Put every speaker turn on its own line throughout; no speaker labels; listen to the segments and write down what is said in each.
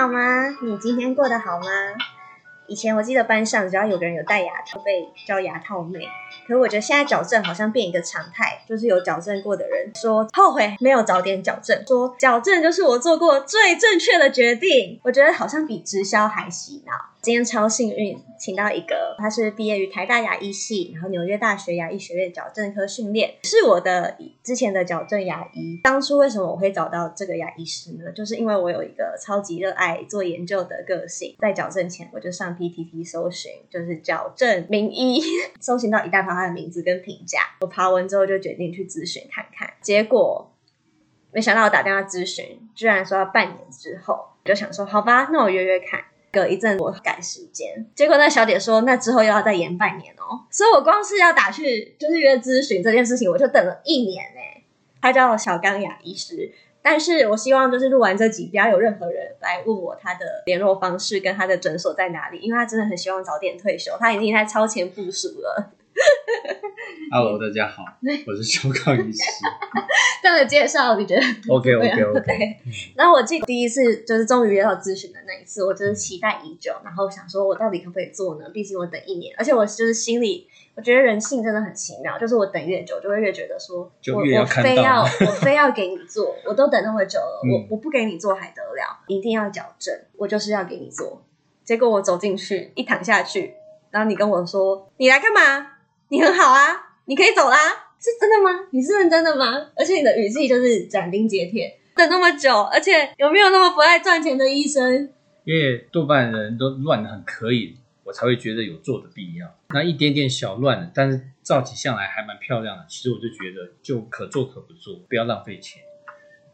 好嗎？你今天過得好嗎？以前我記得班上只要有個人有戴牙套，被叫牙套妹。可是我覺得現在矯正好像變一個常態，就是有矯正過的人說後悔沒有早點矯正，說矯正就是我做過最正確的決定。我覺得好像比直銷還洗腦。今天超幸運，請到一個，他是畢業於台大牙醫系，然後紐約大學牙醫學院矯正科訓練，是我的之前的矯正牙醫。當初為什麼我會找到這個牙醫師呢？就是因為我有一個超級熱愛做研究的個性，在矯正前我就上 PTT 搜尋，就是矯正名醫，搜尋到一大排他的名字跟評價。我爬完之後就決定去諮詢看看，結果沒想到我打電話諮詢，居然說要半年之後。我就想說好吧，那我約約看。隔一陣我趕時間，結果那小姐說，那之後又要再延半年哦、喔，所以我光是要打去就是約諮詢這件事情，我就等了一年呢、欸。他叫小剛牙醫師，但是我希望就是錄完這集，不要有任何人來問我他的聯絡方式跟他的診所在哪裡，因為他真的很希望早點退休，他已經在超前部署了。
hello 大、啊、家好，我是小剛醫師。
這樣的介紹你覺得？OK OK OK。然後我記得第一次就是終於約到諮詢的那一次，我真是期待已久。然後想說，我到底可不可以做呢？畢竟我等一年，而且我就是心裡，我覺得人性真的很奇妙，就是我等越久，就會越覺得說，就越要看我我非要我非要給你做，我都等那麼久了，我、 嗯、我不給你做還得了？一定要矯正，我就是要給你做。結果我走進去，一躺下去，然後你跟我說，你來幹嘛？你很好啊，你可以走啦。啊，是真的嗎？你是認真的嗎？而且你的語氣就是斬釘截鐵，等那麼久，而且有沒有那麼不愛賺錢的醫生？
因為多半人都亂的很可以，我才會覺得有做的必要。那一點點小亂的，但是照起相來還蠻漂亮的。其實我就覺得就可做可不做，不要浪費錢。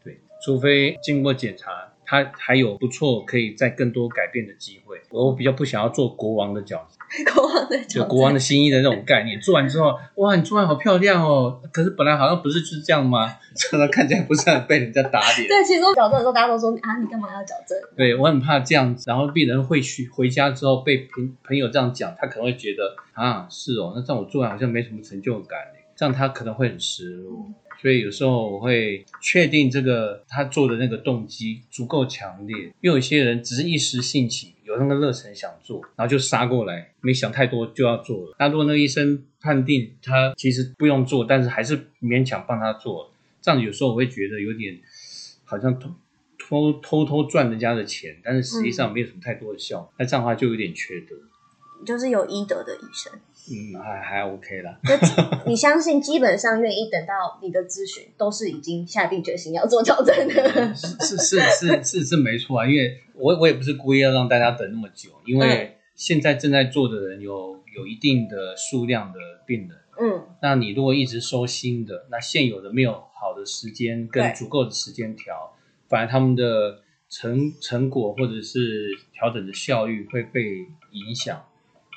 對，除非經過檢查，他還有不錯可以再更多改變的機會。我比較不想要做國王的角色。
國王的就國王的
新衣的那種概念。做完之後，哇，你做完好漂亮哦！可是本來好像不是就是這樣嗎？這 樣看起來不是很被人家打臉？對，其實我矯正的時候大家都說啊，你幹嘛要矯
正？
對，我很怕這樣子，然後病人會去回家之後被朋朋友這樣講，他可能會覺得啊，是哦，那這樣我做完好像沒什麼成就感，這樣他可能會很失落。嗯所以有時候我會確定這個他做的那個動機足夠強烈。因為有些人只是一時興起，有那個熱忱想做，然後就殺過來，沒想太多就要做了。那如果那個醫生判定他其實不用做，但是還是勉強幫他做，這樣子有時候我會覺得有點好像偷偷偷偷賺人家的錢，但是實際上沒有什麼太多的效果。那、嗯、這樣的話就有點缺德，
就是有醫德的醫生。
嗯，還還 OK 啦。
你相信基本上願意等到你的諮詢，都是已經下定決心要做調整的 是。是是是
是是沒錯啊，因為我我也不是故意要讓大家等那麼久，因為現在正在做的人有有一定的數量的病人，嗯，那你如果一直收新的，那現有的沒有好的時間跟足夠的時間調，反而他們的成成果或者是調整的效率會被影響。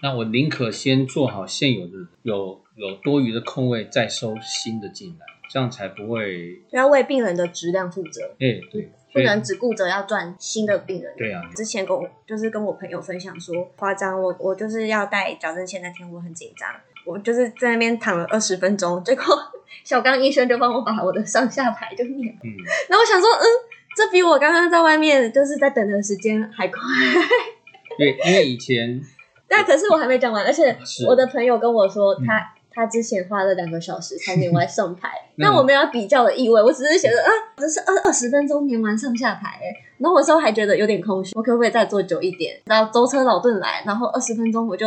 那我寧可先做好現有的，有有多餘的空位，再收新的進來，這樣才不會
要為病人的質量負責。哎、欸，對，不能只顧着要賺新的病人的對啊，對啊。對啊，之前跟我就是跟我朋友分享說，誇張，我我就是要帶矯正器那天，我很緊張，我就是在那邊躺了二十分鐘，最後小剛醫生就幫我把我的上下排就黏了。嗯，那我想說，嗯，這比我剛剛在外面就是在等的時間還快。對，
因為以前。
但可是我還沒講完，而且我的朋友跟我說他，他、嗯、他之前花了兩個小時才黏完上排。 那我沒有比較的意味，我只是覺得，啊，我這是二二十分鐘黏完上下排，然後我說還覺得有點空虛，我可不可以再坐久一點？然後舟車勞頓來，然後二十分鐘我就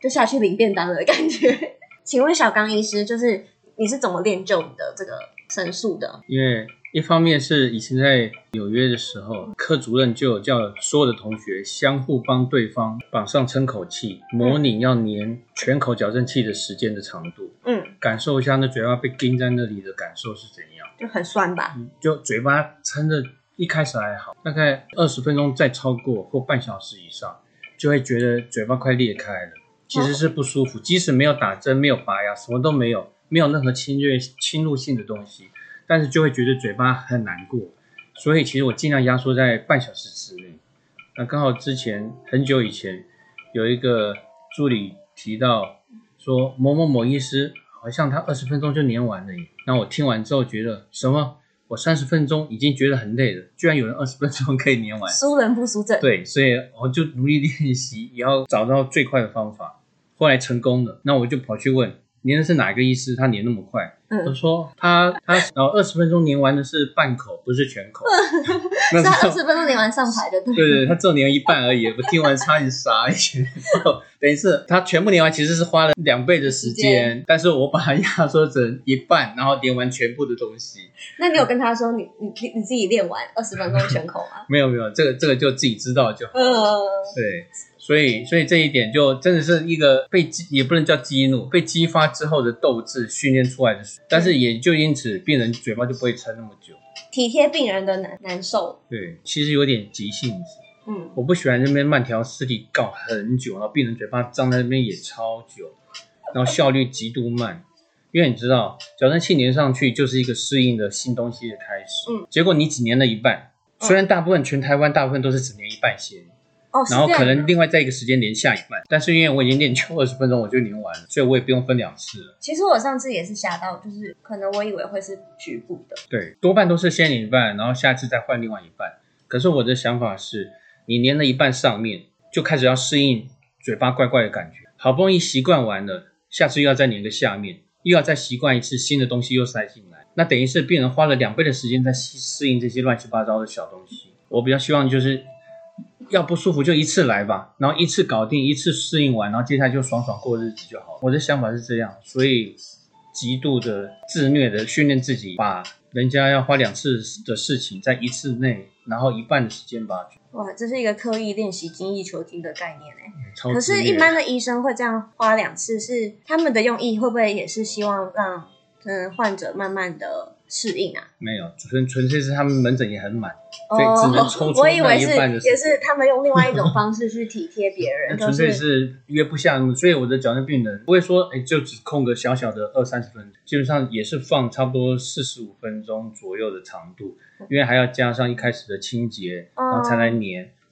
就下去領便當了的感覺。 請問小剛醫師，就是你是怎麼練就你的這個神速的？耶、yeah.。
一方面是以前在紐約的時候、嗯，科主任就有叫所有的同學相互幫對方綁上撐口器、嗯，模擬要粘全口矯正器的時間的長度。嗯，感受一下那嘴巴被釘在那裡的感受是怎樣？
就很酸吧？
就嘴巴撐着，一開始還好，大概二十分鐘再超過或半小時以上，就會覺得嘴巴快裂開了。其實是不舒服，哦、即使沒有打針、沒有拔牙，什麼都沒有，沒有任何侵略侵入性的東西。但是就會覺得嘴巴很難過，所以其實我盡量壓縮在半小時之內。那剛好之前很久以前有一個助理提到說某某某醫師好像他二十分鐘就黏完了，那我聽完之後覺得什麼？我三十分鐘已經覺得很累了，居然有人二十分鐘可以黏完。輸
人不輸陣。對，
所以我就努力練習，也要找到最快的方法。後來成功了，那我就跑去問。黏的是哪一個醫師？他黏那麼快？他、嗯、說他他然後二十分鐘黏完的是半口，不是全
口。他二十分鐘黏完上台的。對，對，對。對，他
只黏一半而已。 我聽完差點傻一點， 等於是他全部黏完其實是花了兩倍的時間，但是我把他壓縮成一半，然後黏完全部的東西。
那你有跟他說你你、嗯、你自己練完二十分鐘全口
嗎？嗯、沒有沒有，這個這個就自己知道就
好。
了、嗯、對。所以，所以這一點就真的是一個被激，也不能叫激怒，被激發之後的鬥志訓練出來的水。但是，也就因此，病人嘴巴就不會撐那麼久，
體貼病人的難難受。
對，其實有點急性子。嗯，我不喜歡這邊慢條斯理搞很久，然後病人嘴巴張在那邊也超久，然後效率極度慢。因為你知道，矯正器粘上去就是一個適應的新東西的開始。嗯，結果你只粘了一半，雖然大部分、嗯、全台灣大部分都是只粘一半些。然後可能另外在一個時間黏下一半，哦、是，但是因為我已經黏了二十分鐘，我就黏完了，所以我也不用分兩次了。
其實我上次也是嚇到，就是可能我以為會是局部的，
對，多半都是先黏一半，然後下次再換另外一半。可是我的想法是，你黏了一半上面，就開始要適應嘴巴怪怪的感覺，好不容易習慣完了，下次又要再黏個下面，又要再習慣一次新的東西又塞進來，那等於是病人花了兩倍的時間在適應這些亂七八糟的小東西。我比較希望就是。要不舒服就一次來吧，然後一次搞定，一次適應完，然後接下來就爽爽過日子就好了。我的想法是這樣，所以極度的自虐的訓練自己，把人家要花兩次的事情在一次內，然後一半的時間吧。
哇，這是一個刻意練習精益求精的概念。可是，一般的醫生會這樣花兩次是，是他們的用意會不會也是希望讓嗯患者慢慢的？適
應啊，沒有純純粹是他們門診也很滿，所、oh, 以只能抽出一半的時間。就、oh, 是，是他們用另外一種
方式去體貼別人，純 粹是
約不下。 所以我的矯正病人不會說，哎、欸，就只空個小小的二三十分鐘，基本上也是放差不多四十五分鐘左右的長度，因為還要加上一開始的清潔，然後才來粘。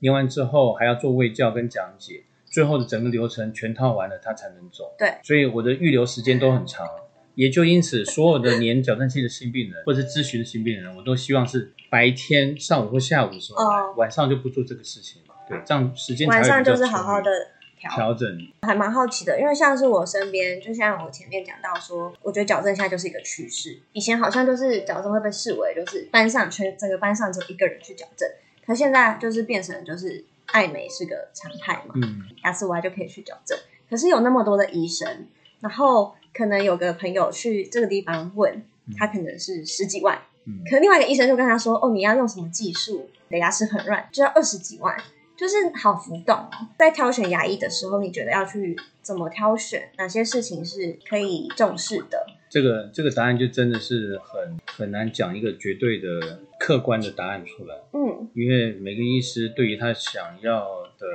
粘、oh. 完之後還要做衛教跟講解，最後的整個流程全套完了他才能走。對，所以我的預留時間都很長。嗯也就因此，所有的年矯正器的新病人， 或者是諮詢的新病人，我都希望是白天上午或下午的時候、哦，晚上就不做這個事情。對，這樣時間。晚上就是好
好的調調整，整。還蠻好奇的，因為像是我身邊，就像我前面講到說，我覺得矯正現在，就是一個趨勢。以前好像就是矯正會被視為就是班上全整個班上只有一個人去矯正，可現在就是變成就是愛美是個常態嘛，嗯，牙齒歪就可以去矯正。可是有那麼多的醫生，然後。可能有個朋友去這個地方問，嗯，他可能是十幾萬，嗯，可另外一個醫生就跟他說：“哦，你要用什麼技術？你的牙齒很亂，就要二十幾萬，就是好浮動。”在挑選牙醫的時候，你覺得要去怎麼挑選？哪些事情是可以重視的？
這個這個答案就真的是很很難講一個絕對的客觀的答案出來。嗯，因為每個醫師對於他想要的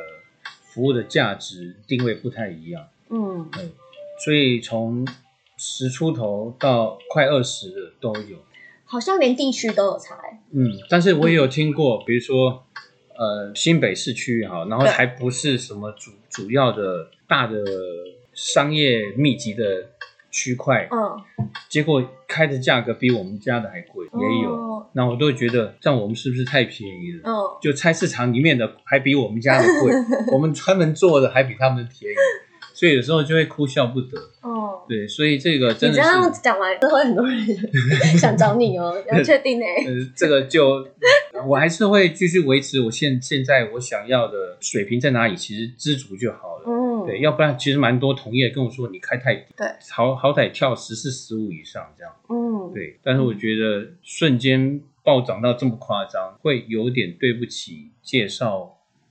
服務的價值定位不太一樣。嗯，嗯所以從十出頭到快二十的都有，
好像連地區都有差。嗯，
但是我也有聽過、嗯，比如說，呃，新北市區也好，然後還不是什麼主主要的大的商業密集的區塊，嗯、哦，結果開的價格比我們家的還貴，哦、也有。那我都會覺得，這樣我們是不是太便宜了、哦？就菜市場裡面的還比我們家的貴， 我們專門做的還比他們便宜。所以有時候就會哭笑不得。哦、oh.，對，所以這個真的是你
這樣講完之後，很多人 想找你哦，要確定
呢。這個就我還是會繼續維持我現現在我想要的水平在哪裡，其實知足就好了。嗯，對，要不然其實蠻多同業跟我說，你開太低。對，好好歹跳十四十五以上這樣。嗯，對，但是我覺得瞬間暴漲到這麼誇張，會有點對不起介紹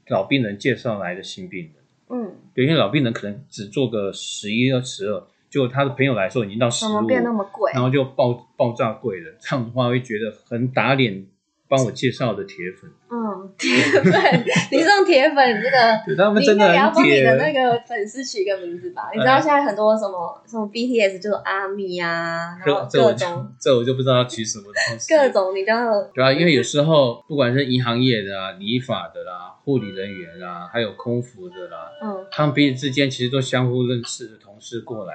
老病人介紹來的新病的嗯，有些老病人可能只做個十一到十二，就他的朋友來說已經到十五，怎麼變那麼貴？然後就爆爆炸貴了，這樣的話會覺得很打臉。幫我介紹的鐵粉，嗯，鐵
粉， 你這種鐵粉 你真的，他們真的，你要幫你的那個粉絲取一個名字吧、嗯。你知道現在很多什麼什麼 BTS 就是阿米啊，然後各種，各這，我
這我就不知道要取什麼東西
各種你知道，
對啊，因為有時候不管是銀行業的啊，理髮的啦、啊、護理人員啦、啊，還有空服的啦、啊，嗯，他們彼此之間其實都相互認識的同事過來，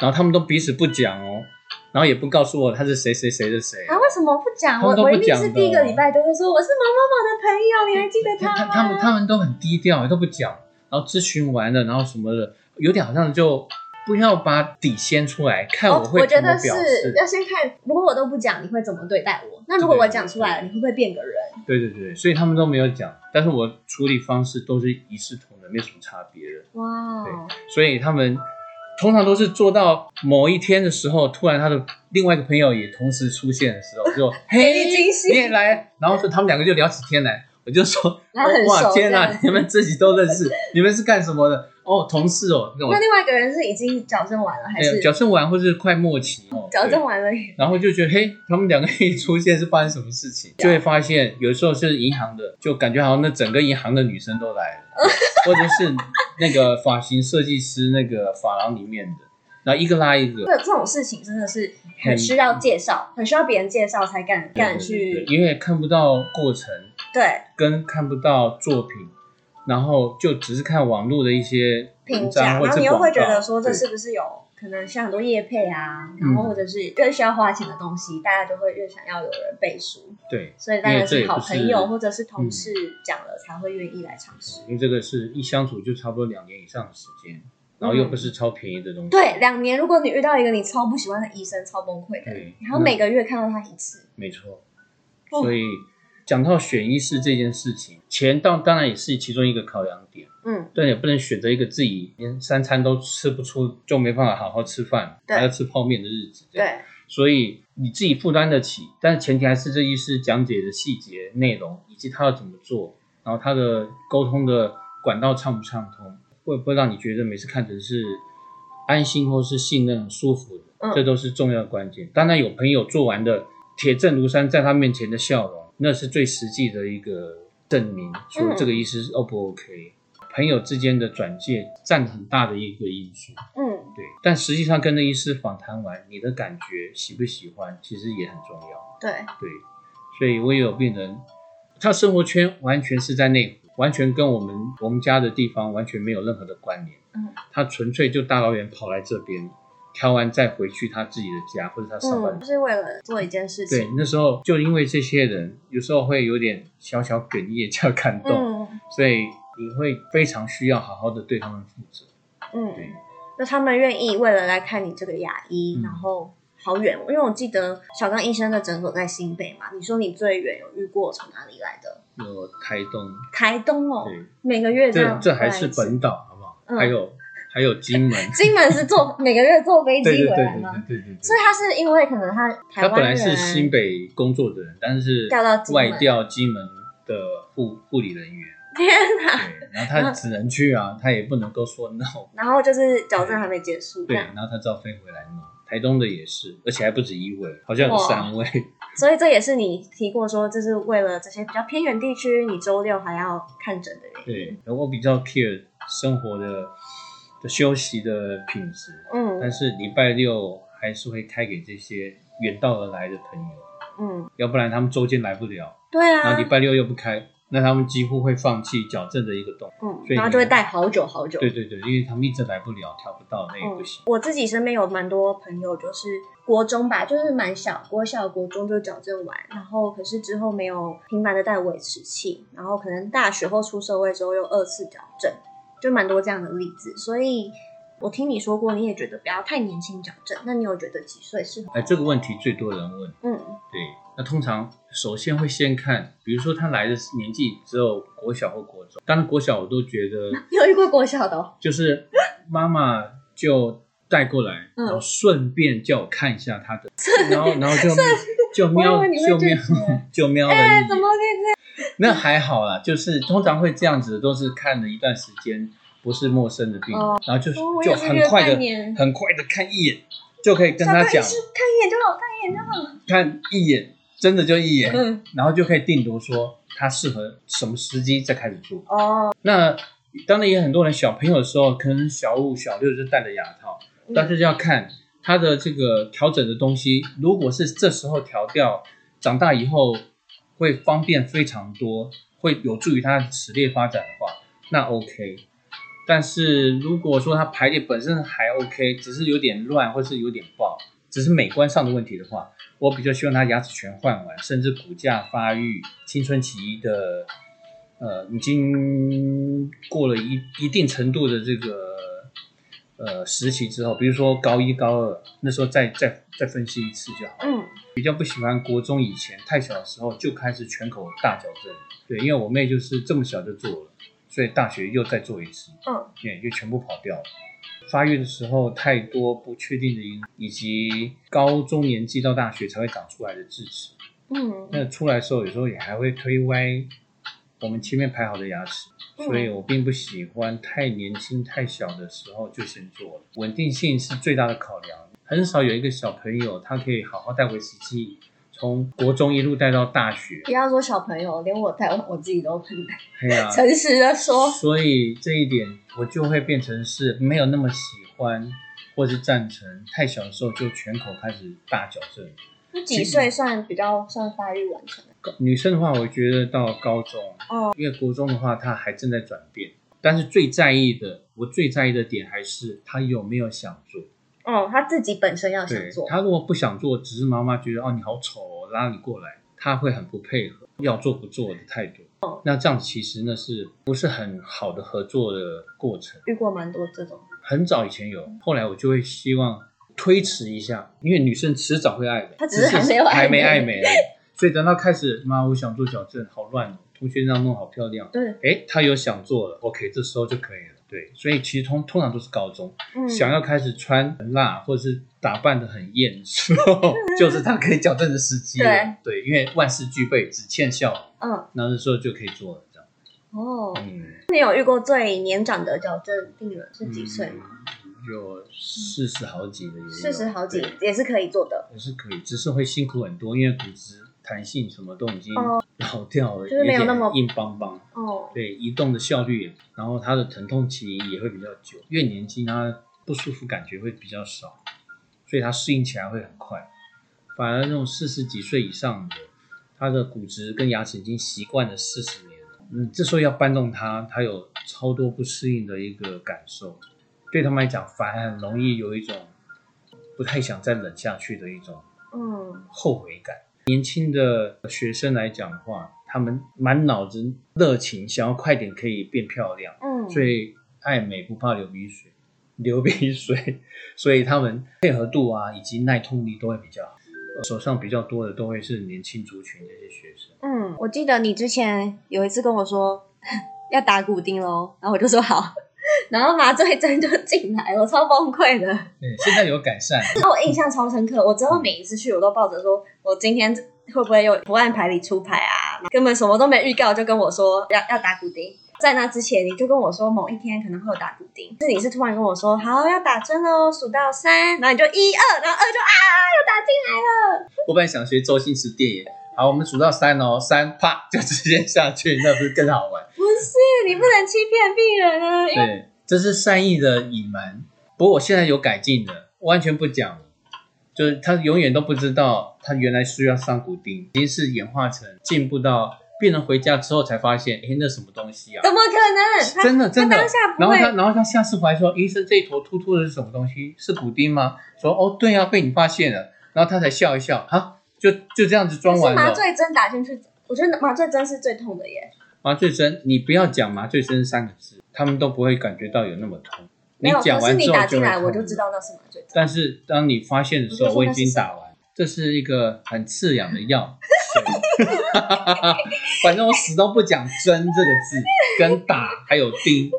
然後他們都彼此不講哦。然後也不告訴我他是誰誰誰的誰
啊？啊為什麼不講，都不講的我？我一定是第一個禮拜都會說我是某某某的朋友，你還記得他嗎？他們他們都
很低調，都不講。然後諮詢完了，然後什麼的，有點好像就不要把底掀出來，看我會怎麼表示。哦，我覺得是要
先看，如果我都不講，你會怎麼對待我？那如果我講出來了，你會不會變個人？
對對對，對，所以他們都沒有講，但是我處理方式都是一視同仁，沒什麼差別的。哇對，所以他們。通常都是做到某一天的時候，突然他的另外一個朋友也同時出現的時候，
就嘿，你 也來，
然後說他們兩個就聊起天來。我就說，哦，哇，天哪，啊，你們自己都認識， 你們是幹什麼的？哦，同事哦，那另
外一個人是已經矯正完了還是矯
正完或是快末期
哦？矯正完了，
然後就覺得嘿，他們兩個一出現是發生什麼事情、嗯，就會發現有時候是銀行的，就感覺好像那整個銀行的女生都來了，嗯、或者是那個髮型設計師、那個髮廊裡面的，然後一個拉一個。對，這
種事情真的是很需要介紹，嗯、很需要別人介紹才敢敢去對
對，因為看不到過程，對，跟看不到作品。然後就只是看網絡的一些評價，然後你又會覺得說，這
是不是有可能像很多業配啊、嗯，然後或者是越需要花錢的東西，大家就會越想要有人背書。對，所以大家是，是好朋友或者是同事講了才會願意來嘗試、嗯。
因為這個是一相處就差不多兩年以上的時間，然後又不是超便宜的東西。嗯、對，
兩年如果你遇到一個你超不喜歡的醫生，超崩潰的，對，然後每個月看到他一次，
沒錯、嗯，所以。講到選醫師這件事情，錢到當然也是其中一個考量點，嗯，但也不能選擇一個自己連三餐都吃不出，就沒辦法好好吃飯，還要吃泡麵的日子對。對，所以你自己負擔得起，但是前提還是這醫師講解的細節內容，以及他要怎麼做，然後他的溝通的管道暢不暢通，會不會讓你覺得每次看診是安心或是信任、舒服的，嗯，這都是重要的關鍵。當然有朋友做完的鐵證如山，在他面前的笑容。那是最實際的一個證明，說這個醫師是 O 不 OK，嗯，朋友之間的轉介占很大的一個因素。嗯，對，但實際上跟那醫師訪談完，你的感覺喜不喜歡，其實也很重要。對，對，所以我也有病人，他生活圈完全是在內湖，完全跟我們我們家的地方完全沒有任何的關聯。嗯，他純粹就大老遠跑來這邊。挑完再回去他自己的家或者他上班，
就、嗯、是為了做一件事情。對，
那時候就因為這些人有時候會有點小小哽咽，叫感動、嗯，所以你會非常需要好好的對他們負責。嗯，對。
那他們願意為了來看你這個牙醫、嗯，然後好遠、喔，因為我記得小剛醫生的診所在新北嘛。你說你最遠有遇過從哪裡來的？
有台東。
台東哦、喔，每個月這樣這這還是
本島，好不好？嗯、還有。還有金門， 金
門是坐每個月坐飛機回來嗎？對對對對，對對對對，所以他是因為可能他台灣人，他本來是新
北工作的人，但是調到外調金門的護護理人
員。天哪！對，然後他只
能去啊， 他也不能夠說 no。
然後就是矯正還沒結束對。對，然
後他照飛回來。台東的也是，而且還不止一位，好像有三位。
所以這也是你提過說，就是為了這些比較偏遠地區，你周六還要看診的
原因。對，然後我比較 care 生活的。休息的品質，嗯，嗯，但是禮拜六還是會開給這些遠道而來的朋友，嗯，要不然他們周間來不了，
對、嗯、啊，然後禮拜
六又不開，那他們幾乎會放棄矯正的一個動作，嗯，所以他們會
戴好久好久，對
對對，因為他們一直來不了，調不到那，那也不行。
我自己身邊有蠻多朋友，就是國中吧，就是蠻小，國小國中就矯正完，然後可是之後沒有頻繁的戴維持器，然後可能大學後出社會之後又二次矯正。就蠻多這樣的例子，所以我聽你說過，你也覺得不要太年輕矯正。那你有覺得幾歲適合？哎、欸，
這個問題最多人問。嗯，對。那通常首先會先看，比如說他來的年紀只有國小或國中，當然國小我都覺得
有一個國小的，
就是媽媽就帶過來，嗯、然後順便叫我看一下他的，嗯、然後然後就 就瞄就瞄 就瞄了一 那還好啦，就是通常會這樣子，都是看了一段時間，不是陌生的病、哦、然後就就，就很快的、很快的看一眼，就可以跟他講，
看一眼就好，
看一眼就好，嗯、看一眼真的就一眼、嗯，然後就可以定奪說他適合什麼時機再開始做。哦，那當然也很多人小朋友的時候，可能小五、小六就戴了牙套，嗯、但是要看他的這個調整的東西，如果是這時候調掉，長大以後。會方便非常多，會有助於他齒列發展的話，那 OK。但是如果說他排列本身還 OK，只是有點亂，或是有點暴，只是美觀上的問題的話，我比較希望他牙齒全換完，甚至骨架發育、青春期的，呃，已經過了一一定程度的這個。呃，實習之後，比如說高一、高二那時候再，再再再分析一次就好了。嗯，比較不喜歡國中以前太小的時候就開始全口大矯正。對，因為我妹就是這麼小就做了，所以大學又再做一次。嗯，也就全部跑掉了。發育的時候太多不確定的因素，以及高中年紀到大學才會長出來的智齒。嗯，那出來的時候有時候也還會推歪。我們前面排好的牙齒，所以我並不喜歡太年輕、太小的時候就先做了。穩定性是最大的考量，很少有一個小朋友他可以好好戴維持器，從國中一路帶到大學。不
要說小朋友，連我帶我自己都不能戴、啊，誠實的說，
所以這一點我就會變成是沒有那麼喜歡或是贊成太小的時候就全口開始大矯正。那
幾歲算比較算發育完成了？
女生的話，我覺得到高中哦，oh. 因為國中的話，她還正在轉變。但是最在意的，我最在意的點還是她有沒有想做。哦，
她自己本身要想做。
她如果不想做，只是媽媽覺得哦你好醜、哦，我拉你過來，她會很不配合，要做不做的態度。哦、oh.，那這樣其實呢，是不是很好的合作的過程？
遇過蠻多這種。
很早以前有，嗯、後來我就會希望推遲一下，因為女生遲早會愛的，她只是還沒有愛美。所以等到開始，媽，我想做矯正，好亂，同學這樣弄好漂亮。對，哎、欸，他有想做了，OK，這時候就可以了。對，所以其實通通常都是高中、嗯，想要開始穿很辣，或者是打扮得很的很豔俗， 就是他可以矯正的時機。對，對，因為萬事俱備，只欠笑。嗯，那這時候就可以做了，這樣。哦、
oh, 嗯，你有遇過最年長的矯正病人
是幾歲嗎、嗯？有四十好幾的也四十好
幾也是可以做的。也
是可以，只是會辛苦很多，因為骨質。彈性什麼都已經老掉了，哦，就是沒有那麼，有點硬邦邦。哦，對，移動的效率，然後他的疼痛期也會比較久，越年輕，他不舒服感覺會比較少，所以他適應起來會很快。反而那種四十幾歲以上的，他的骨質跟牙齒已經習慣了四十年，嗯，這時候要搬動他，他有超多不適應的一個感受。對他們來講，反而很容易有一種不太想再忍下去的一種，嗯，後悔感。嗯年輕的學生來講的話，他們滿腦子熱情，想要快點可以變漂亮，嗯，所以愛美不怕流鼻水，流鼻水，所以他們配合度啊以及耐痛力都會比較好，手上比較多的都會是年輕族群這些學生。
嗯，我記得你之前有一次跟我說要打骨釘咯，然後我就說好。然後麻醉針就進來了，我超崩潰的。對，
現在有改善。
那 我印象超深刻，我之後每一次去，我都抱着說，我今天會不會又不按牌理出牌啊？根本什麼都沒預告，就跟我說要要打骨釘。在那之前，你就跟我說某一天可能會有打骨釘，是你是突然跟我說，好要打針哦，數到三，然後你就一二，然後二就啊，又、啊、打進來了。
我本來想學周星馳電影。好，我們數到三哦，三啪就直接下去，那不是更好玩？
不是，你不能欺騙病人啊。對，
這是善意的隱瞞。不過我現在有改進的，完全不講，就是他永遠都不知道他原來需要上骨釘，已經是演化成進步到病人回家之後才發現，誒那什麼東西
啊？怎麼可能？真的，真的。然後他，然後
他下次回來說，醫生，這一坨突突的是什麼東西？是骨釘嗎？說，哦，對啊，被你發現了。然後他才笑一笑，好。就就這樣子裝完麻醉
針打進去，我覺得麻醉針是最痛的耶。
麻醉針，你不要講麻醉針三個字，他們都不會感覺到有那麼痛。沒有，你講完之後，可是你打進來，我
就知道那是麻醉
針。但是當你發現的時候，我已經打完。是是，這是一個很刺癢的藥。 水 反正我死都不講針這個字，跟打還有釘。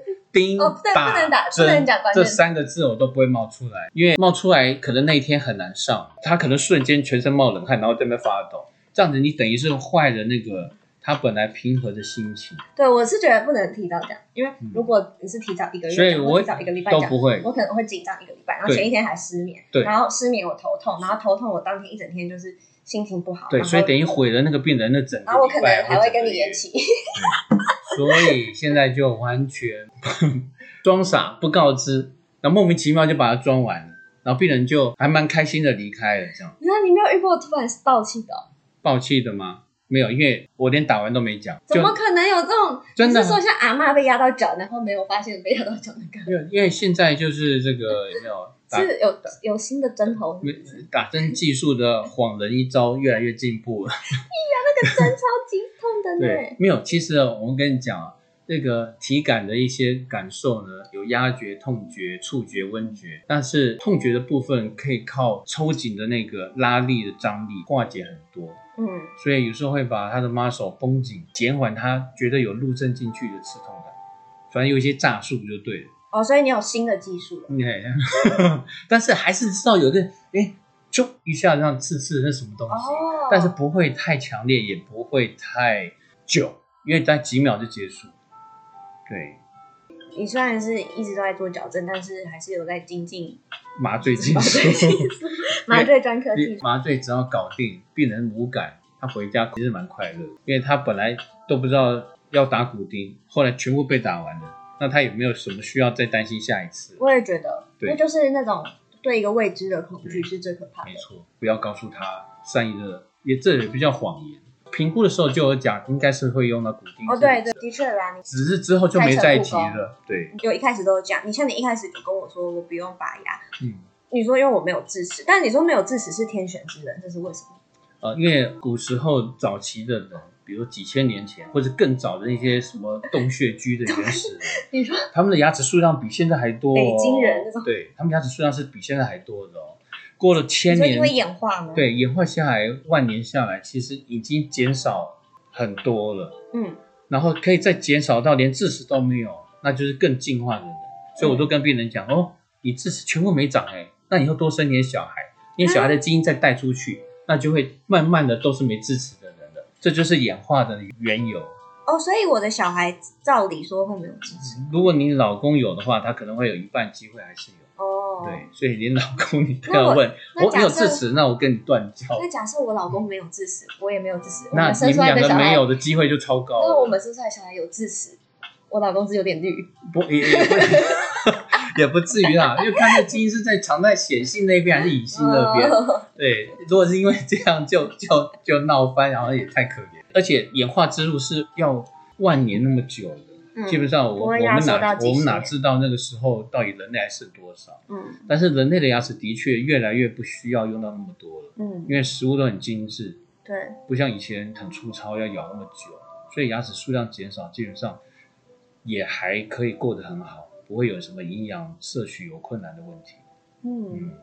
哦對，不能打，不能講，關鍵，這三個字我都不會冒出來，因為冒出來可能那一天很難上，他可能瞬間全身冒冷汗，然後這邊發抖，這樣子你等於是壞了那個他本來平和的心情。
對，我是覺得不能提早講，因為如果你是提早一個月、嗯，所以我會提早一個禮拜講都不會，我可能會緊張一個禮拜，然後前一天還失眠，對，然後失眠我頭痛，然後頭痛我當天一整天就是心情不好，對，所以等於
毀了那個病人的整個，整
個。然後我可能還會跟你延期。嗯
所以現在就完全裝 傻不告知，那莫名其妙就把它裝完了，然後病人就還蠻開心的離開了。這
樣，那你沒有遇過突然是爆氣的、哦、
爆氣的嗎？沒有，因為我連打完都沒講。怎麼
可能有這種？就是說像阿嬤被壓到腳，然後沒有發現被壓到腳的、
那個？因為因為現在就是這個有沒有。 是有
有新的針
頭是是，打針技術，的晃人一招越來越進步了。 哎呀，那個
針超級痛的呢。 對，
沒有。其實我們跟你講，這個體感的一些感受呢，有壓覺、痛覺、觸覺、溫覺，但是痛覺的部分可以靠抽緊的那個拉力的張力化解很多。嗯，所以有時候會把他的 muscle 繃緊，減緩他覺得有路針進去的刺痛感。反正有一些詐術就對了。
哦、oh，所以你有新的技術
了。Yeah. 但是還是知道有的，誒、欸，啾一下這樣刺刺的是什麼東西？Oh. 但是不會太強烈，也不會太久，因為在幾秒就結束。對，
你雖然是一直都在做矯正，但是還是有在精進
麻醉技術，
麻醉專 科技
術。麻醉只要搞定，病人無感，他回家其實蠻快樂，因為他本來都不知道要打骨釘，後來全部被打完了。那他有沒有什麼需要再擔心下一次？
我也覺得，對，就是那種對一個未知的恐懼是最可怕的。沒錯，
不要告訴他善意的。也這也比較謊言。評估的時候就有講，應該是會用到骨
釘。哦，對對，的確啦。只是之後就沒再提了。
對，
有一開始都有講，你像你一開始就跟我說我不用拔牙，嗯，你說因為我沒有智齒，但你說沒有智齒是天選之人，這是為什麼？
呃，因為古時候早期的人。比如幾千年前，或者更早的那些什麼洞穴居的原始人， 你說他們的牙齒數量比現在還多。哦。北京人那種，對，他們牙齒數量是比現在還多的哦。過了千年，會
演化嗎？對，
演化下來，萬年下來，其實已經減少很多了。嗯，然後可以再減少到連智齒都沒有，那就是更進化的人。所以我都跟病人講、嗯：哦，你智齒全部沒長。欸，哎，那以後多生點小孩，因為小孩的基因再帶出去、嗯，那就會慢慢的都是沒智齒的。這就是演化的緣由
哦，所以我的小孩照理說會沒有智齒、
嗯。如果你老公有的話，他可能會有一半機會還是有
哦。
對，所以你老公你都要問，我，我有智齒，那我跟你斷
交。那假設我老公沒有智齒，我也沒有智齒，那你們兩個沒有
的機會就超高了。那我
們生出來的小孩有智齒，我老公是有點綠。不也也不。欸欸
也不至於啦， 因為看這基因是在藏在顯性那邊還是隱性那邊，哦。對，如果是因為這樣就就就鬧翻，然後也太可憐。而且演化之路是要萬年那麼久的，基本上我我們哪我們哪知道那個時候到底人類還剩多少？嗯，但是人類的牙齒的確越來越不需要用到那麼多了。嗯，因為食物都很精緻。對，不像以前很粗糙要咬那麼久，所以牙齒數量減少，基本上也還可以過得很好。嗯不會有什麼營養攝取有困難的問題。嗯，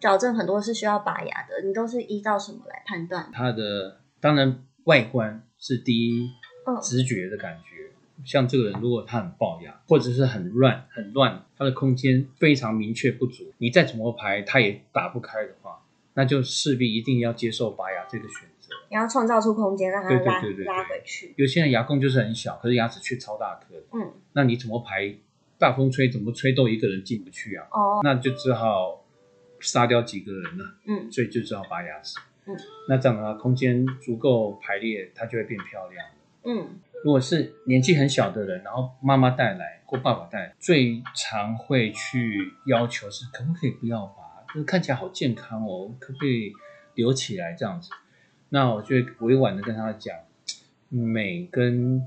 矯正很多是需要拔牙的，你都是依照什麼來判斷？
他的當然外觀是第一直覺的感覺。哦、像這個人，如果他很齙牙，或者是很亂、很亂，他的空間非常明確不足，你再怎麼排，他也打不開的話，那就勢必一定要接受拔牙這個選擇。
你要創造出空間讓他，讓它拉拉回去。
有些人牙弓就是很小，可是牙齒卻超大顆。嗯，那你怎麼排？大風吹，怎麼吹都一個人進不去啊！哦、oh.，那就只好殺掉幾個人了。嗯，所以就只好拔牙齒。嗯，那這樣的話，空間足夠排列，它就會變漂亮了。嗯，如果是年紀很小的人，然後媽媽帶來或爸爸帶來，最常會去要求是可不可以不要拔？就是看起來好健康哦，可不可以留起來這樣子？那我就委婉的跟他講，美跟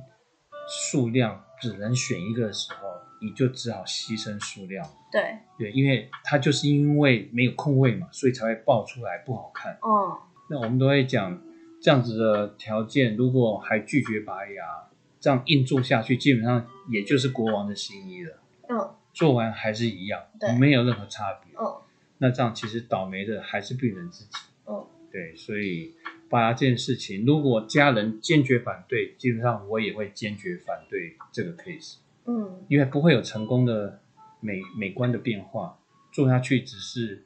數量只能選一個的時候。你就只好犧牲塑料，對對，因為它就是因為沒有空位嘛，所以才會爆出來不好看。嗯、哦，那我們都會講這樣子的條件，如果還拒絕拔牙，這樣硬做下去，基本上也就是國王的新衣了。嗯、哦，做完還是一樣，沒有任何差別。哦，那這樣其實倒霉的還是病人自己。哦、對，所以拔牙這件事情，如果家人堅決反對，基本上我也會堅決反對這個 case。嗯，因為不會有成功的美美觀的變化，做下去只是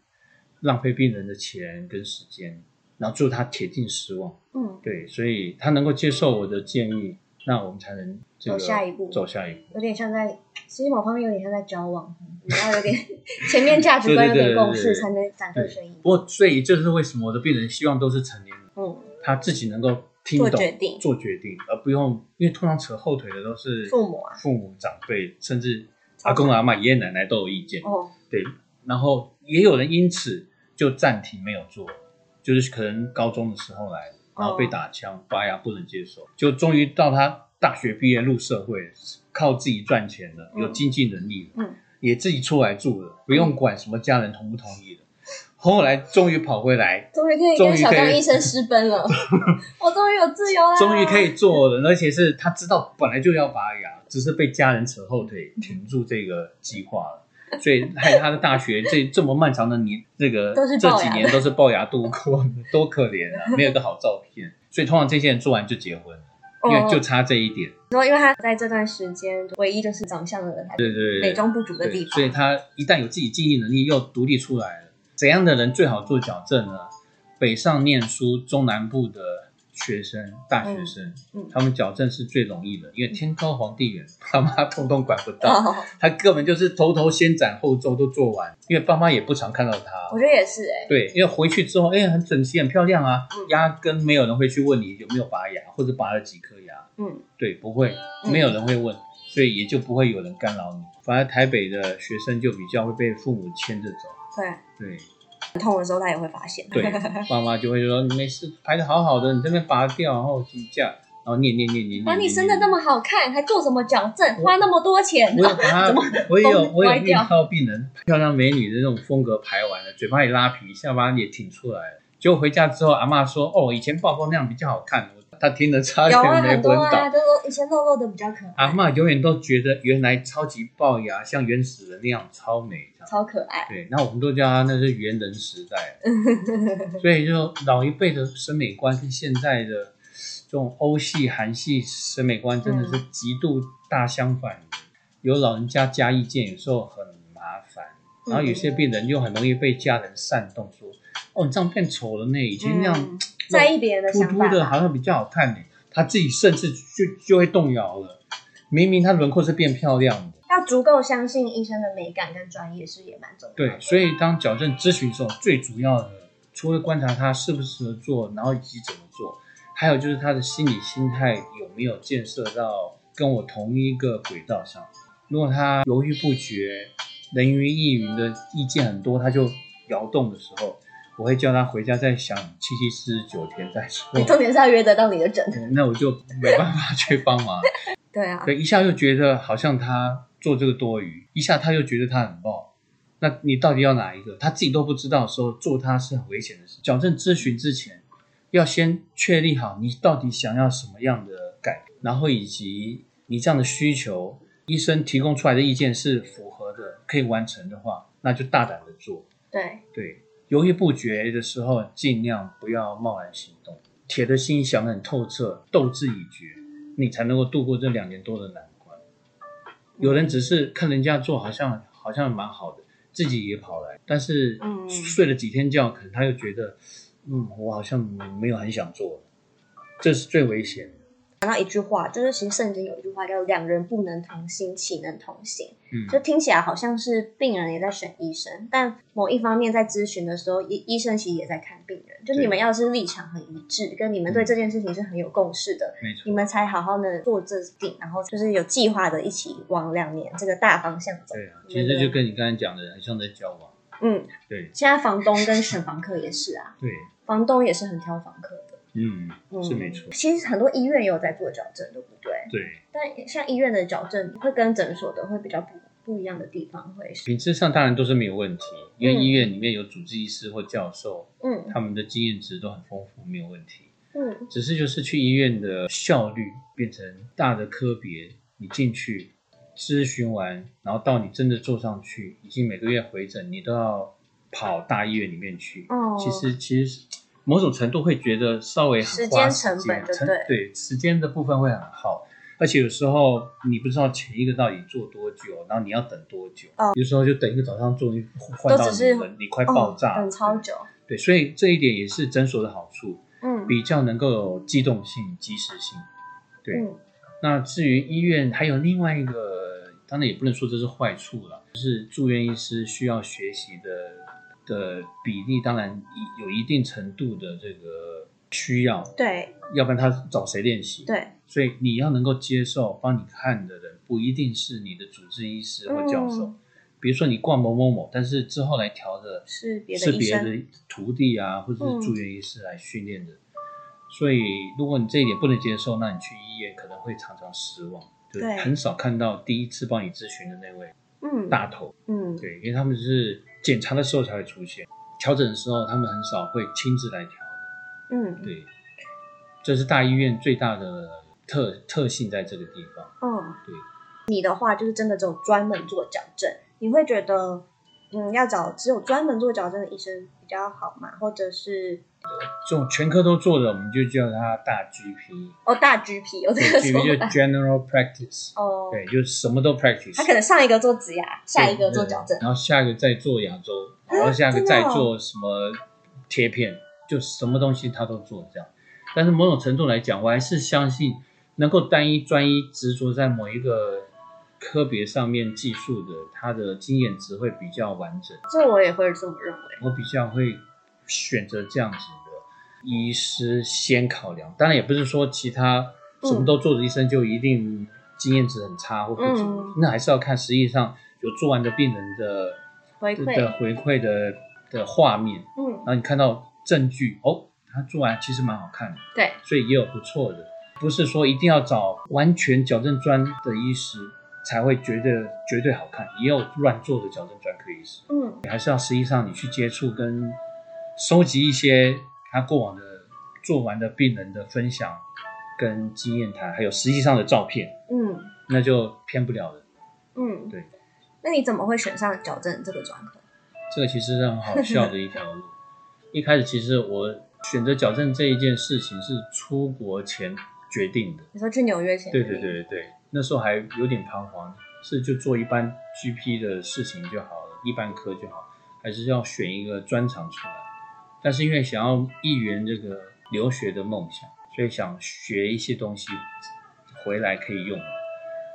浪費病人的錢跟時間，然後做他鐵定失望。嗯，對，所以他能夠接受我的建議，那我們才能、這個、走下一步，走下一步。
有點像在其實某方面，有點像在交往，你要有點 前面價值觀有點共識，才能展開生
意。嗯。不過，所以這是為什麼我的病人希望都是成年
人，嗯，
他自己能夠。聽懂做決定，做決定，而不用，因為通常扯後腿的都是父母、父母、啊、父母長輩，甚至阿公阿媽、爺爺奶奶都有意見。哦，對，然後也有人因此就暫停沒有做，哦，就是可能高中的時候來，然後被打槍、拔牙不能接受，就終於到他大學畢業入社會，靠自己賺錢了，嗯、有經濟能力了，嗯，也自己出來住了，不用管什麼家人同不同意。嗯嗯後來，終於跑回來，
終於可以跟小剛醫生私奔了。終終 我終於有自由了。終
於可以做了，而且是他知道本來就要拔牙，只是被家人扯後腿，停住這個計劃了，所以害他的大學這 這麼漫長的年，這、那個都是這幾年都是齙牙度過多可憐啊！沒有個好照片， 所以通常這些人做完就結婚，oh,
因為就
差這一點。然後，
因為他在這段時間唯一就是長相的對
對，美中不足的地方對對對，所以他一旦有自己經濟能力，又獨立出來，了。怎樣的人最好做矯正呢？北上念書、中南部的學生、大學生，嗯嗯、他們矯正是最容易的，因為天高皇帝遠、嗯，爸媽通通管不到、哦，他根本就是偷偷先斬後奏都做完，因為爸媽也不常看到他、哦。我
覺得也是哎、欸。
對，因為回去之後，哎、欸，很整齊、很漂亮啊，壓、嗯、根沒有人會去問你有沒有拔牙或者拔了幾顆牙。嗯，對，不會，沒有人會問，嗯、所以也就不會有人干擾你。反而台北的學生就比較會被父母牽着走。對。
對，痛的時候他也會發現。對， 爸
媽就會說，你沒事，排的好好的，你這邊拔掉，然後舉架，然後念念，念念念念把你生
的那麼好看，還做什麼矯正，花那麼多錢？我，我把他怎我也有，我也遇
到病人，漂亮美女的那種風格排完了，嘴巴也拉皮，下巴也挺出來了。結果回家之後，阿嬤說，哦，以前暴光那樣比較好看。他聽得差點沒聞到。啊就是、以前都露露
的比較
可愛。阿嬤永遠都覺得原來超級齙牙，像原始人那樣超美，
超可愛。對，那
我們都叫他那是猿人時代、
嗯呵
呵。所以就老一輩的審美觀跟現在的這種歐系、韓系審美觀真的是極度大相反。嗯、有老人家加意見，有時候很麻煩、嗯。然後有些病人又很容易被家人煽動說，說、嗯：“哦，你這樣變醜了呢、欸，以前那樣。嗯”在意別人的想法，突突的，好像比較好看呢、欸啊。他自己甚至就就會動搖了。明明他輪廓是變漂亮的、
嗯，他足夠相信醫生的美感跟專業是也蠻重要的。對，
所以當矯正諮詢的時候，嗯、最主要的除了觀察他適不適合做，然後以及怎麼做，還有就是他的心理心態有沒有建設到跟我同一個軌道上。如果他猶豫不決，人云亦云的意見很多，他就搖動的時候。我會叫他回家再想，七七四十九天再說。你重點
是要約得到你的診，
嗯、那我就沒辦法去幫忙。
對啊，
可一下又覺得好像他做這個多餘，一下他又覺得他很棒。那你到底要哪一個？他自己都不知道的時候，候做他是很危險的事。矯正諮詢之前，要先確立好你到底想要什麼樣的改變，然後以及你這樣的需求，醫生提供出來的意見是符合的，可以完成的話，那就大膽的做。對對。猶豫不決的時候，盡量不要貿然行動。鐵的心想很透徹，鬥志已決，你才能夠度過這兩年多的難關。嗯、有人只是看人家做好像好像蠻好的，自己也跑來，但是睡了幾天覺，可能他又覺得，嗯，我好像沒有很想做，這是最危險的。
講到一句話，就是其實聖經有一句話叫“兩人不能同心，豈能同行。”嗯，就聽起來好像是病人也在選醫生，但某一方面在諮詢的時候，醫醫生其實也在看病人。就是你們要是立場很一致，跟你們對這件事情是很有共識的，沒、嗯、錯，你們才好好的做制定，然後就是有計劃的一起往兩年這個大方向走。對啊，其實這就
跟你剛才講的，很像在交
往。嗯，對，現在房東跟選房客也是啊、嗯。對，房東也是很挑房客。嗯，是沒錯。嗯。其實很多醫院也有在做矯正，對不對？對。但像醫院的矯正會跟診所的會比較不不一樣的地方，會
是，品質上當然都是沒有問題，因為醫院裡面有主治醫師或教授，嗯，他們的經驗值都很豐富，沒有問題。嗯。只是就是去醫院的效率變成大的科別，你進去諮詢完，然後到你真的做上去，已經每個月回診，你都要跑大醫院裡面去。哦。其實，其實。某種程度會覺得稍微花時間，時間成本對。成、對，時間的部分會很耗，而且有時候你不知道前一個到底做多久，然後你要等多久。哦、有時候就等一個早上終於換到你的，你快爆炸，哦、等超久對。對，所以這一點也是診所的好處，嗯，比較能夠有機動性、及時性。對、嗯，那至於醫院，還有另外一個，當然也不能說這是壞處了，就是住院醫師需要學習的。的比例當然有一定程度的這個需要，
對，要不然
他找誰練習？對，所以你要能夠接受幫你看的人不一定是你的主治醫師或教授，嗯、比如說你掛某某某，但是之後來調的是別的，是別的徒弟啊，或者是住院醫師來訓練的、嗯。所以如果你這一點不能接受，那你去醫院可能會常常失望，對。就很少看到第一次幫你諮詢的那位，嗯，大頭，嗯，對，因為他們是。檢查的時候才會出現，調整的時候他們很少會親自來調
的。嗯，
對，這是大醫院最大的特特性在這個地方。
嗯，對。你的話就是真的只有專門做矯正，你會覺得，嗯，要找只有專門做矯正的醫生比較好嘛？或者是？
這種全科都做的，我們就叫他大 G P。
Oh，哦，大 G P，我這個說。G P 就
General Practice。哦。對，就什麼都 Practice。他可能
上一個做植牙，下一個做矯正，然
後下一個再做牙周，然後下一個再做什麼貼片、啊哦，就什麼東西他都做這樣。但是某種程度來講，我還是相信能夠單一、專一、執着在某一個科別上面技術的，他的經驗值會比較完整。
這我也會這麼認為。
我比較會。選擇這樣子的醫師先考量，當然也不是說其他什麼都做的醫生就一定經驗值很差或不足。嗯，那還是要看實際上有做完的病人的回饋的回饋的的畫面，嗯，然後你看到證據哦，他做完其實蠻好看的，對，所以也有不錯的，不是說一定要找完全矯正專的醫師、嗯、才會覺得絕對好看，也有亂做的矯正專科醫師，嗯，你還是要實際上你去接觸跟。收集一些他過往的做完的病人的分享跟經驗談，還有實際上的照片，嗯，那就騙不了了。嗯，
對。那你怎麼會選上矯正這個專科？
這個其實是很好笑的一條路。 一開始其實我選擇矯正這一件事情是出國前決定的。
你說去紐約前？對對對
對，那時候還有點彷徨，是就做一般 GP 的事情就好了，一般科就好還是要選一個專長出來？但是因為想要一圓這個留學的夢想，所以想學一些東西回來可以用。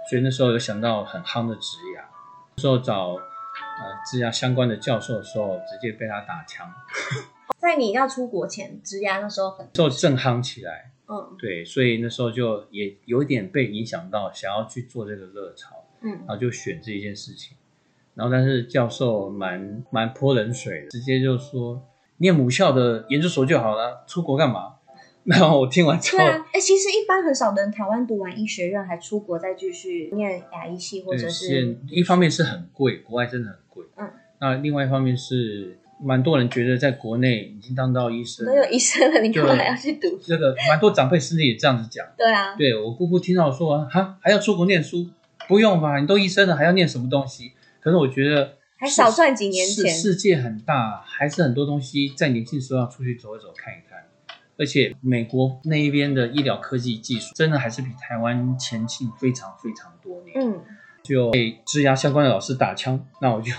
所以那時候有想到很夯的植牙，那時候找呃植牙相關的教授的時候，直接被他打槍。
在你要出國前，植牙那時候很
就正夯起來，嗯，對，所以那時候就也有點被影響到，想要去做這個熱潮，嗯，然後就選這一件事情。然後但是教授蠻蠻潑冷水的，直接就說。念母校的研究所就好了，出國幹嘛？然後我聽完之後，哎、
啊，其實一般很少的人台灣讀完醫學院還出國再繼續念牙醫系，或者是，是。一方面是很
貴，國外真的很貴，嗯。那另外一方面是，蠻多人覺得在國內已經當到醫生，都有
醫生了，你幹
嘛還要去讀？ 這個蠻多長輩甚至也這樣子講， 對啊。對我姑姑聽到說啊，哈，還要出國念書？不用吧，你都醫生了，還要念什麼東西？可是我覺得。
還少賺幾年錢？世
界很大，還是很多東西在年輕時候要出去走一走，看一看。而且美國那一邊的醫療科技技術真的還是比台灣前進非常非常
多年。
嗯，就被植牙相關的老師打槍，那我就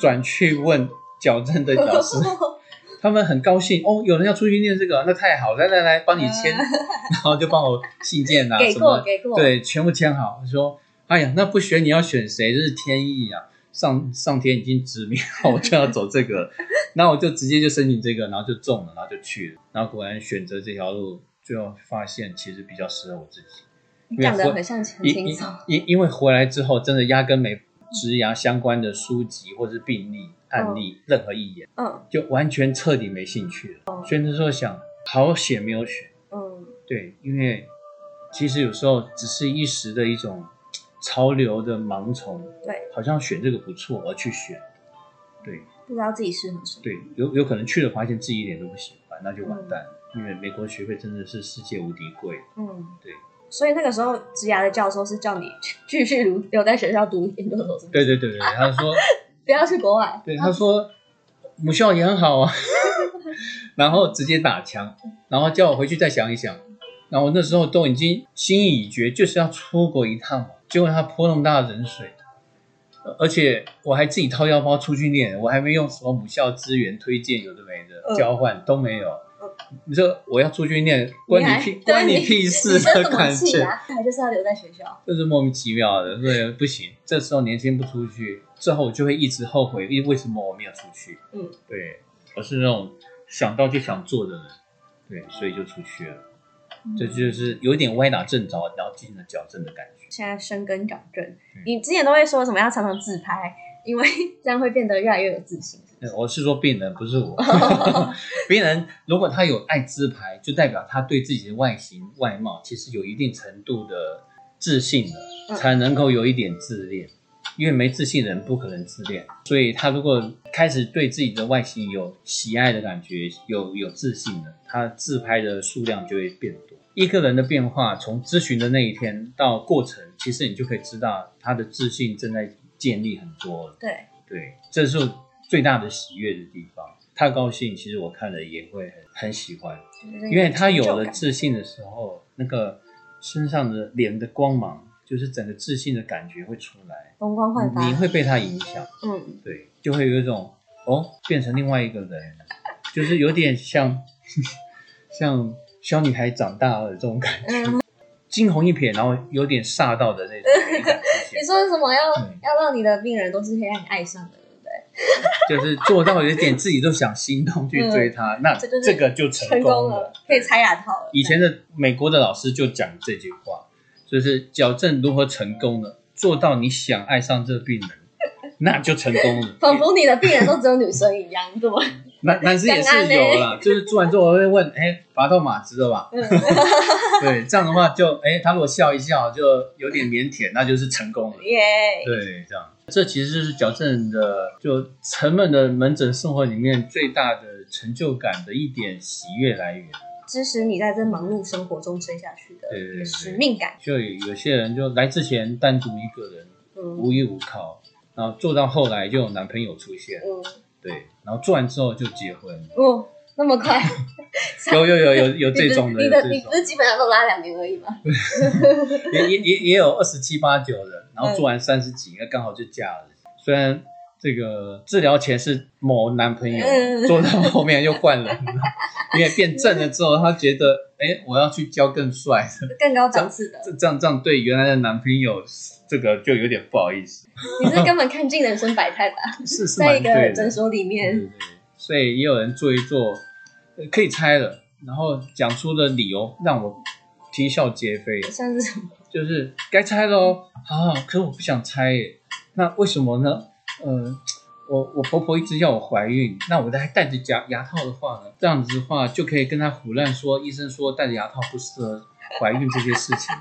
轉去問矯正的老師， 他們很高興哦，有人要出去念這個，那太好，來來來，幫你簽， 然後就幫我信件啊， 給過什麼給過，對，全部簽好。我說，哎呀，那不選你要選誰？這是天意啊。上上天已經指明好，我就要走這個，那 我就直接就申請這個，然後就中了，然後就去了，然後果然選擇這條路，最後發現其實比較適合我自己。講得很像前因因，因為回來之後，真的壓根沒植牙相關的書籍或是病例案例、哦、任何一眼。嗯、哦，就完全徹底沒興趣了、哦。所以那時候想，好險沒有選，嗯，對，因為其實有時候只是一時的一種。潮流的盲從，對，好像選這個不錯，我要去選，對，
不知道自己是什
麼。對，有有可能去了發現自己一點都不喜歡，那就完蛋、嗯。因為美國學費真的是世界無敵貴。嗯，對。
所以那個時候，植牙的教授是叫你繼續留在學校讀研
究所。對對對對，他說
不要去國外。對，他說
母校也很好啊。 然後直接打槍，然後叫我回去再想一想。然後我那時候都已經心意已決，就是要出國一趟嘛。結果他潑那麼大的冷水，而且我還自己掏腰包出去練，我還沒用什麼母校資源推薦有的沒的、呃、交換都沒有、呃。你說我要出去練，關你屁你關你屁事的感覺。你啊？還就是要留
在學校，
這是莫名其妙的，對，不行。這時候年輕不出去，之後我就會一直後悔，為為什麼我沒有出去？嗯，對，我是那種想到就想做的人，對，所以就出去了。這、嗯、就，就是有一點歪打正着，然後進行了矯正的感
覺。現在深耕矯正、嗯，你之前都會說什麼要常常自拍，因為這樣會變得越來越有自信是
是。我是說病人，不是我。病、哦、 人如果他有愛自拍，就代表他對自己的外形、外貌其實有一定程度的自信了，嗯、才能夠有一點自戀。因為沒自信的人不可能自戀。所以，他如果開始對自己的外形有喜愛的感覺，有有自信了，他自拍的數量就會變多。一個人的變化，從諮詢的那一天到過程，其實你就可以知道他的自信正在建立很多了。對，對，這是最大的喜悅的地方。他高興，其實我看了也會很很喜歡、那
個，因為他有了
自信的時候，那個身上的臉的光芒。就是整個自信的感覺會出來
光光，你
會被他影響，嗯，對，就會有一種哦，變成另外一個人，嗯、就是有點像像小女孩長大了這種感覺，嗯、驚鴻一瞥，然後有點煞到的那種。
你說什麼要要讓你的病人都是可以讓你愛上的，對
不對？就是做到有點自己都想心動去追他，嗯、那這個就成功了，成
功了可以拆牙套了。
以前的美國的老師就講這句話。就是矯正如何成功的，做到你想愛上這個病人，那就成功了。
仿、yeah. 佛你的病人都只有女生一樣，對嗎
男，男生也是有了，剛剛就是做完之後我會問，哎，拔到馬知道吧？ 對，這樣的話就，哎、欸，他如果笑一笑，就有點靦腆，那就是成功
了。耶、yeah.，
對，這樣，這其實就是矯正的，就沉悶的門診生活裡面最大的成就感的一點喜悅來源。
支持你在這忙碌生活中生下去的一個使命感，
對對對。就有些人就來之前單獨一個人、嗯，無依無靠，然後做到後來就有男朋友出
現，嗯，
對，然後做完之後就結婚，嗯、哦，
那麼快？ 有有有有有這種的，你是，你的，你是
基本上都拉兩年而已嘛， 也也也有二十七八九的，然後做完三十幾，剛好就嫁了，雖然。這個治療前是某男朋友，嗯、坐在後面又換人，嗯、
因為
變正了之後，他覺得哎、欸，我要去交更帥的、
更高檔次的。這
這樣這樣對原來的男朋友這個就有點不好意思。
你是根本看盡人生百態吧？是 是，是在一個診所裡面
對對對，所以也有人做一做，可以拆了，然後講出的理由讓我啼笑皆非。像是什麼？就是該拆嘍、嗯、啊！可我不想拆耶，那為什麼呢？嗯、呃，我我婆婆一直要我懷孕，那我還戴着假牙套的話呢，這樣子的話就可以跟她胡亂說，醫生說戴着牙套不適合懷孕這些事情，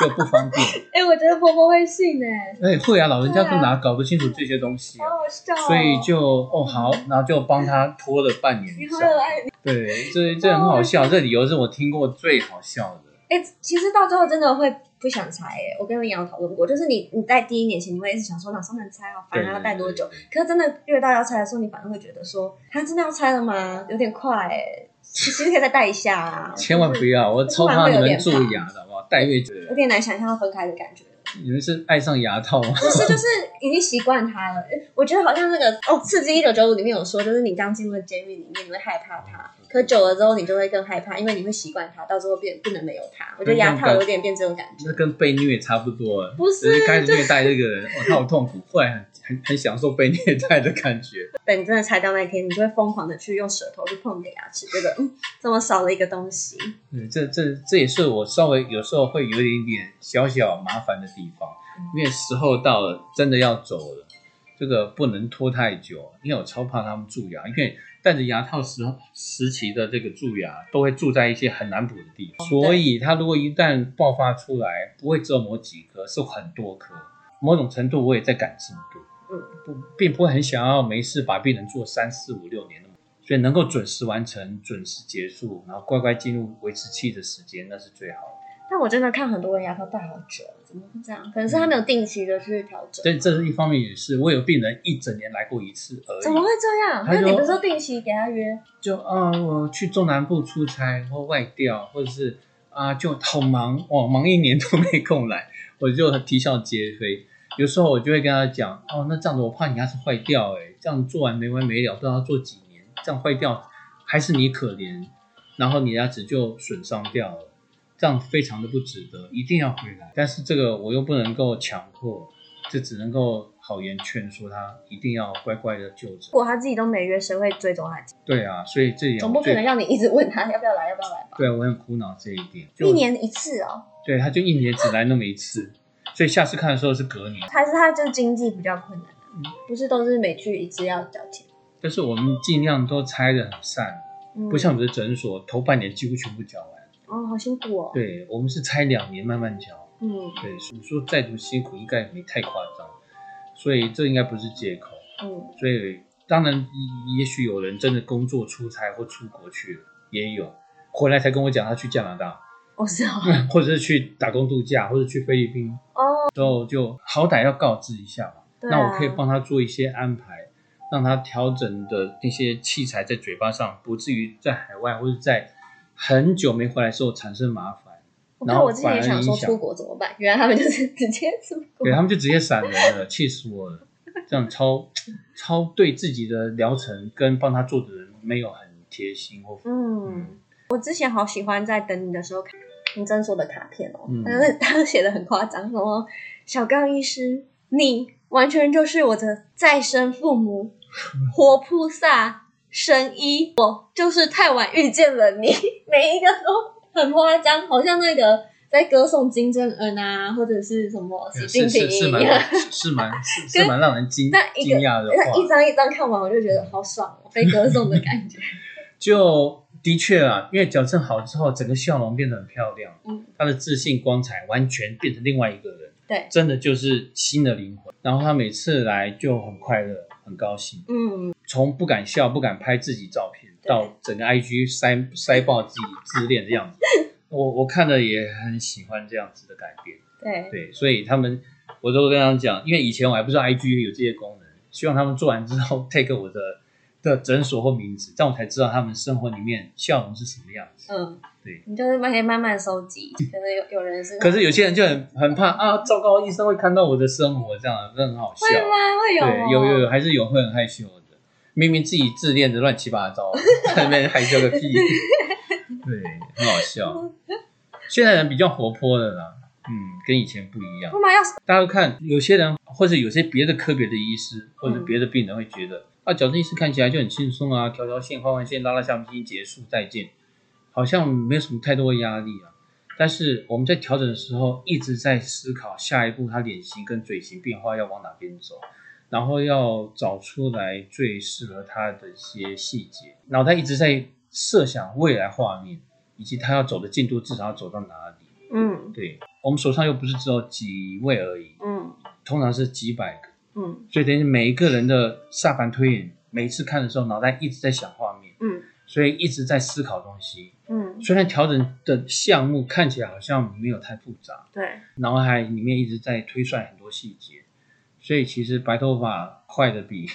就不方
便。哎、欸，我覺得婆婆會信哎、
欸。哎、欸，會啊，老人家都哪、啊、搞不清楚這些東西、啊，
好，好笑、哦。所以
就哦好，然後就幫她拖了半年。你熱愛你。對，這這很好笑，好，好笑，這理由是我聽過最好笑的。哎、
欸，其實到最後真的會。不想拆，誒、欸、我跟林瑤討論過，就是你你在第一年前你會一直想說哪時候能拆啊、喔，反正要戴多久？對對對對，可是真的越到要拆的時候，你反而會覺得說，他真的要拆了嗎？有點快、欸、其實可以再戴一下啊。千萬不
要，嗯、我超怕你們蛀牙的好不好，知道不？戴越久。有
點難想象要分開的感覺。
你們是愛上牙套嗎？不、就
是，就是已經習慣它了。我覺得好像那個哦，《刺激一九九五》裡面有說，就是你剛進入監獄裡面，你會害怕它。可久了之後，你就會更害怕，因為你會習慣它，到之後變不能沒有它。我覺得牙套有點變這種感
覺，那跟，跟被虐差不多了。不是、就是、一開始虐待這個人，哇、 哦，他好痛苦。後來很很享受被虐待的感覺。
等 真的拆掉那一天，你就會瘋狂的去用舌頭去碰你的牙齒，覺、就、得、是、嗯，這麼少了一個東西。
這這這也是我稍微有時候會有一點點小小麻煩的地方，因為時候到了，真的要走了，這個不能拖太久。因為我超怕他們蛀牙，因為。戴着牙套時候、時期的這個蛀牙，都會蛀在一些很難補的地方，哦，所以它如果一旦爆發出來，不會只有某幾顆，是很多顆。某種程度我也在趕進度，嗯，不，並不會很想要沒事把病人做三四五六年，那麼，所以能夠準時完成，準時結束，然後乖乖進入維持期的時間，那是最好。
但我真的看很多人牙套戴好久。怎麼這樣？可能是他沒有定期的去，嗯、調
整。對，這是一方面也是。我有病人一整年來過一次而已。怎麼
會這樣？那你不是說定期給他約？
就啊、呃，我去中南部出差或外調，或者是啊、呃，就好忙哦，忙一年都沒空來，我就啼笑皆非。有時候我就會跟他講哦，那這樣子我怕你牙齒壞掉哎、欸，這樣做完沒完沒了，不知道要做幾年，這樣壞掉還是你可憐，然後你牙齒就損傷掉了。這樣非常的不值得，一定要回來，但是這個我又不能夠強迫，就只能夠好言勸說他，一定要乖乖的就診。
如果他自己都沒約，誰會追蹤他？
對啊，所以這也。總不
可能讓你一直問
他要不要來，要不要來吧？對、啊，我很苦惱這一點。就一年一次啊、哦？對，他就一年只來那麼一次， 所以下次看的時候是隔年。
還是他就是經濟比較困難、啊嗯，不是都是每去一次要交錢？
但是我們盡量都拆得很散、嗯，不像我們的診所，頭半年幾乎全部交完。
哦，好辛苦哦！
對，我們是拆兩年慢慢調，嗯，對，所以說再度辛苦應該沒太誇張，所以這應該不是借口，嗯，所以當然，也許有人真的工作出差或出國去了，也有回來才跟我講他去加拿大，
哦，是啊、哦，
或者是去打工度假，或者去菲律賓，哦，之後就好歹要告知一下嘛、啊，那我可以幫他做一些安排，讓他調整的那些器材在嘴巴上，不至於在海外或者在。很久沒回來的時候產生麻煩，然後我之前也想說出
國怎麼辦？原來他們就是直接出國，對他們
就直接閃人了，氣 死我了！這樣超 超對自己的療程跟幫他做的人沒有很貼心嗯。
嗯，我之前好喜歡在等你的時候看你贈送的卡片哦，嗯、但是他他寫的很誇張，說小剛醫師，你完全就是我的再生父母，活菩薩。神醫，我就是太晚遇見了你，每一個都很誇張，好像那個在歌頌金正恩啊，或者是什麼習近平一樣，嗯、是是是蠻
是蠻是蠻讓人驚驚訝的。一
張一張看完，我就覺得好爽，哦嗯、被歌頌的感覺。
就的確啊，因為矯正好了之後，整個笑容變得很漂亮，嗯，他的自信光彩完全變成另外一個人，對，真的就是新的靈魂。然後他每次來就很快樂，很高興，嗯。從不敢笑、不敢拍自己照片，到整個 I G 塞塞爆自己自戀的樣子， 我我看了也很喜歡這樣子的改變。對對，所以他們我都跟他們講，因為以前我還不知道 I G 有這些功能，希望他們做完之後 take 我的的診所或名字，這樣我才知道他們生活裡面笑容是什麼樣子。嗯，對，
你就是慢慢慢慢收集，可能有有人是，可
是有些人就很很怕啊，糟糕，醫生會看到我的生活這樣，真的很好笑嗎？
會有、哦、對，有有
有，還是有會很害羞。明明自己自戀的亂七八糟，在那邊還笑個屁， 對，
很
好笑。現在人比較活潑的啦，嗯，跟以前不一
樣。Oh、
大家都看，有些人或者有些別的科別的醫師或者別的病人會覺得，嗯、啊，矯正醫師看起來就很輕鬆啊，調調線換換線，拉拉橡皮筋結束，再見，好像沒有什麼太多壓力啊。但是我們在調整的時候，一直在思考下一步他臉型跟嘴型變化要往哪邊走。然後要找出來最適合他的一些細節，腦袋一直在設想未來畫面，以及他要走的進度至少要走到哪裡。嗯，對，我們手上又不是只有幾位而已，嗯，通常是幾百個，嗯，所以等於每一個人的沙盤推演，每一次看的時候，腦袋一直在想畫面，嗯，所以一直在思考東西，嗯，雖然調整的項目看起來好像沒有太複雜，對，腦海裡面一直在推算很多細節。所以其實白頭髮快的比，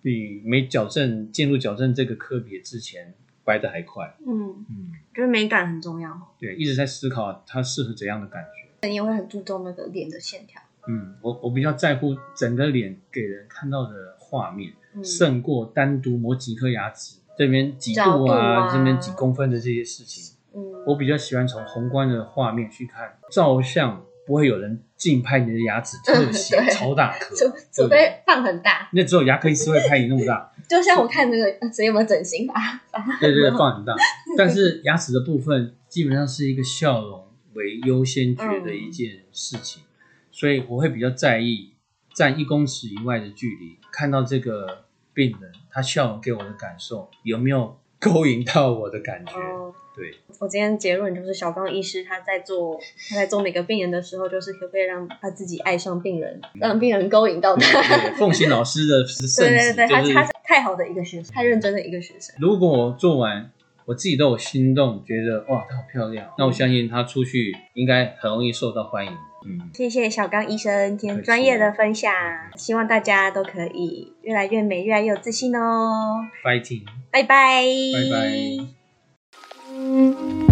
比沒矯正進入矯正這個科別之前白的還快。嗯
嗯，就是美感很重要。
對，一直在思考它適合怎樣的感
覺。你也會很注重那個臉的線條。
嗯，我我比較在乎整個臉給人看到的畫面，嗯，勝過單獨磨幾顆牙齒，嗯，這邊幾度啊，度啊這邊幾公分的這些事情。嗯，我比較喜歡從宏觀的畫面去看。照相。不會有人近拍你的牙齒特寫、嗯、超大
顆，除非放很大，
那只有牙科醫師會拍你那麼大。
就像我看那、這個誰有沒有整形吧？ 對，對對，放很
大。 但是牙齒的部分基本上是一個笑容為優先級的一件事情、嗯，所以我會比較在意，站一公尺以外的距離看到這個病人他笑容給我的感受有沒有。勾引到我的感
覺，oh, 對，我今天結論就是小剛醫師他在做他在做每個病人的時候，就是可以讓他自己愛上病人，讓病人勾引到他。奉
行老師的聖旨，對對對 他，他是
太好的一個學生、嗯，太認真的一個學生。
如果我做完，我自己都有心動，覺得哇，她好漂亮。那我相信她出去應該很容易受到歡迎。嗯，
謝謝小剛醫生今天專業的分享，希望大家都可以越來越美，越來越有自信哦。Fighting！拜拜！Bye bye！嗯。